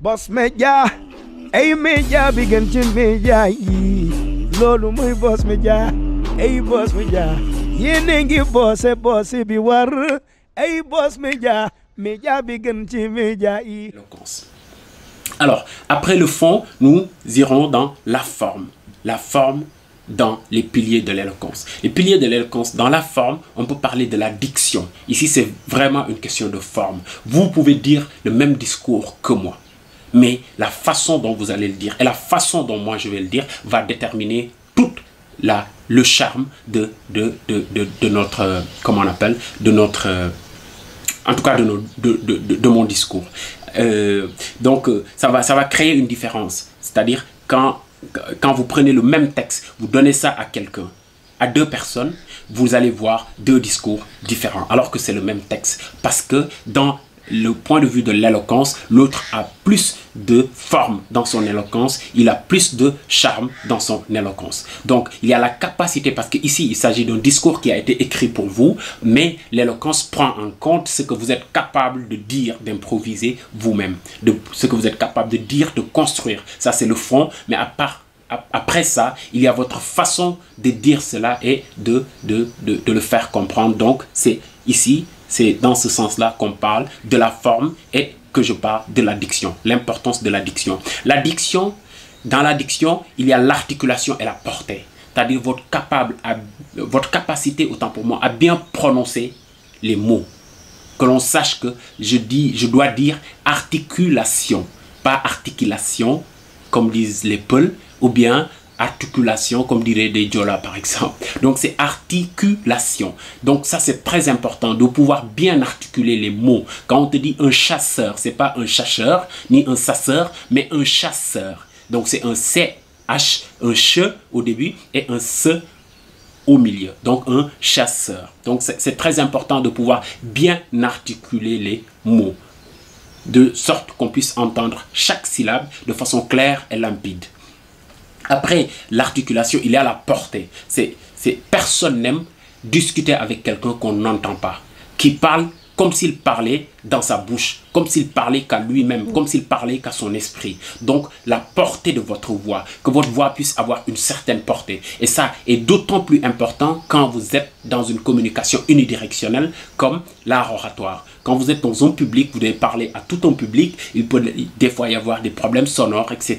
alors après le fond nous irons dans la forme la forme dans les piliers de l'éloquence. Les piliers de l'éloquence, dans la forme, on peut parler de la diction. Ici, c'est vraiment une question de forme. Vous pouvez dire le même discours que moi mais la façon dont vous allez le dire et la façon dont moi je vais le dire va déterminer toute la le charme de de, de, de, de notre euh, comment on appelle de notre euh, en tout cas de, nos, de, mon discours euh, donc ça va ça va créer une différence c'est à dire quand quand vous prenez le même texte vous donnez ça à quelqu'un à deux personnes vous allez voir deux discours différents alors que c'est le même texte parce que dans le point de vue de l'éloquence, l'autre a plus de forme dans son éloquence, il a plus de charme dans son éloquence. Donc, il y a la capacité, parce qu'ici, il s'agit d'un discours qui a été écrit pour vous, mais l'éloquence prend en compte ce que vous êtes capable de dire, d'improviser vous-même, de ce que vous êtes capable de dire, de construire. Ça, c'est le fond, mais à part après ça, il y a votre façon de dire cela et de, de, de le faire comprendre. Donc, c'est ici c'est dans ce sens-là qu'on parle de la forme et que je parle de l'addiction, l'importance de l'addiction. L'addiction, dans l'addiction, il y a l'articulation et la portée, c'est-à-dire votre, capable votre capacité, autant pour moi, à bien prononcer les mots. Que l'on sache que je, dis, je dois dire articulation, pas articulation, comme disent les peuls, ou bien articulation, comme dirait des Jola par exemple. Donc c'est articulation. Donc ça c'est très important de pouvoir bien articuler les mots. Quand on te dit un chasseur, c'est pas un chasseur ni un sasseur, mais un chasseur. Donc c'est un C H, un che au début et un se au milieu. Donc un chasseur. Donc c'est très important de pouvoir bien articuler les mots de sorte qu'on puisse entendre chaque syllabe de façon claire et limpide. Après, l'articulation, il est à la portée. C'est, personne n'aime discuter avec quelqu'un qu'on n'entend pas, qui parle comme s'il parlait dans sa bouche, comme s'il parlait qu'à lui-même, comme s'il parlait qu'à son esprit. Donc, la portée de votre voix, que votre voix puisse avoir une certaine portée. Et ça est d'autant plus important quand vous êtes dans une communication unidirectionnelle comme l'art oratoire. Quand vous êtes dans un public, vous devez parler à tout un public. Il peut des fois y avoir des problèmes sonores, etc.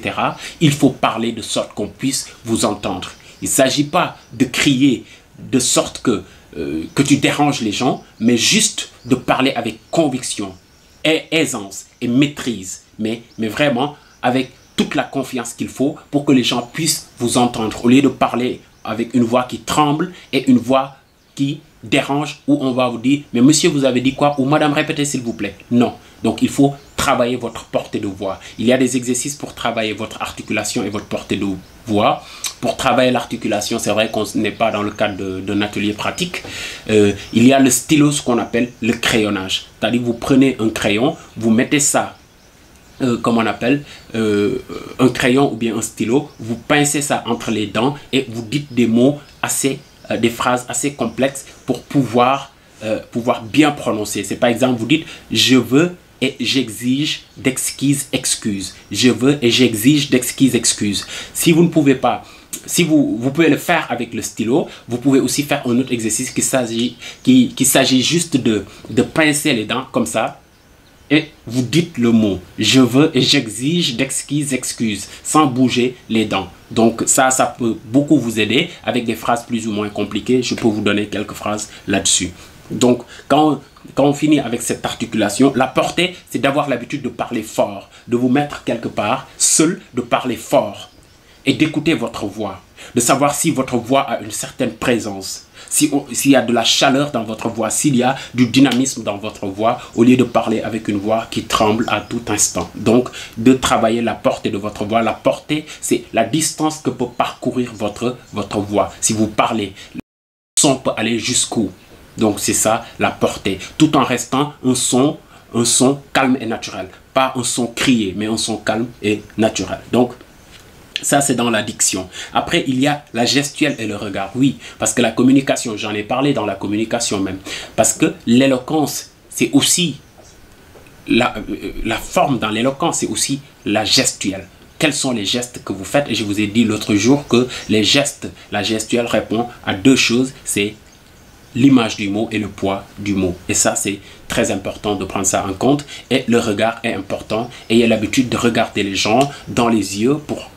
Il faut parler de sorte qu'on puisse vous entendre. Il ne s'agit pas de crier, de sorte que, euh, que tu déranges les gens, mais juste de parler avec conviction, et aisance et maîtrise, mais, mais vraiment avec toute la confiance qu'il faut pour que les gens puissent vous entendre, au lieu de parler avec une voix qui tremble et une voix qui dérange, où on va vous dire, mais monsieur, vous avez dit quoi, ou madame, répétez s'il vous plaît. Non, donc il faut travailler votre portée de voix. Il y a des exercices pour travailler votre articulation et votre portée de voix. Pour travailler l'articulation, c'est vrai qu'on n'est pas dans le cadre d'un atelier pratique. Euh, il y a le stylo, ce qu'on appelle le crayonnage. C'est-à-dire vous prenez un crayon, vous mettez ça euh, comme on appelle, euh, un crayon ou bien un stylo, vous pincez ça entre les dents et vous dites des mots assez, des phrases assez complexes pour pouvoir, pouvoir bien prononcer. C'est par exemple, vous dites, je veux et j'exige d'exquises excuses. Je veux et j'exige d'exquises excuses. Si vous ne pouvez pas, si vous, vous pouvez le faire avec le stylo, vous pouvez aussi faire un autre exercice qui s'agit qui, qui s'agit juste de, de pincer les dents comme ça. Et vous dites le mot « je veux » et « j'exige d'exquises excuses » sans bouger les dents. Donc ça, ça peut beaucoup vous aider avec des phrases plus ou moins compliquées. Je peux vous donner quelques phrases là-dessus. Donc, quand, quand on finit avec cette articulation, la portée, c'est d'avoir l'habitude de parler fort, de vous mettre quelque part, seul, de parler fort et d'écouter votre voix, de savoir si votre voix a une certaine présence, s'il y a de la chaleur dans votre voix, s'il y a du dynamisme dans votre voix, au lieu de parler avec une voix qui tremble à tout instant. Donc, de travailler la portée de votre voix. La portée, c'est la distance que peut parcourir votre, votre voix. Si vous parlez, le son peut aller jusqu'où donc c'est ça la portée, tout en restant un son, un son calme et naturel. Pas un son crié, mais un son calme et naturel. Donc ça, c'est dans la diction. Après, il y a la gestuelle et le regard. Oui, parce que la communication, j'en ai parlé dans la communication même. Parce que l'éloquence, c'est aussi la, euh, la, forme dans l'éloquence, c'est aussi la gestuelle. Quels sont les gestes que vous faites Et je vous ai dit l'autre jour que les gestes, la gestuelle répond à deux choses. C'est l'image du mot et le poids du mot. Et ça, c'est très important de prendre ça en compte. Et le regard est important. Et il a l'habitude de regarder les gens dans les yeux pour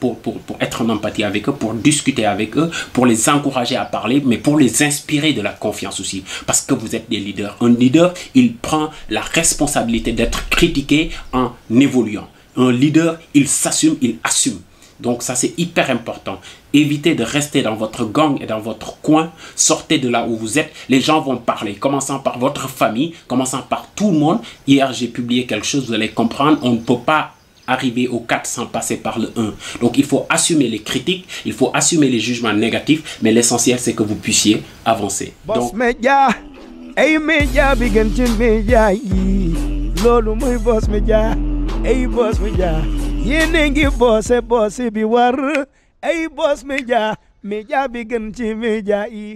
pour, pour, être en empathie avec eux, pour discuter avec eux, pour les encourager à parler, mais pour les inspirer de la confiance aussi. Parce que vous êtes des leaders. Un leader, il prend la responsabilité d'être critiqué en évoluant. Un leader, il s'assume, il assume. Donc ça, c'est hyper important. Évitez de rester dans votre gang et dans votre coin. Sortez de là où vous êtes. Les gens vont parler, commençant par votre famille, commençant par tout le monde. Hier, j'ai publié quelque chose, vous allez comprendre. On ne peut pas arriver au 4 sans passer par le 1. Donc il faut assumer les critiques, il faut assumer les jugements négatifs, mais l'essentiel c'est que vous puissiez avancer. Donc... boss yéene ngi boose boose bi war ay boos média média bi gën ci média yi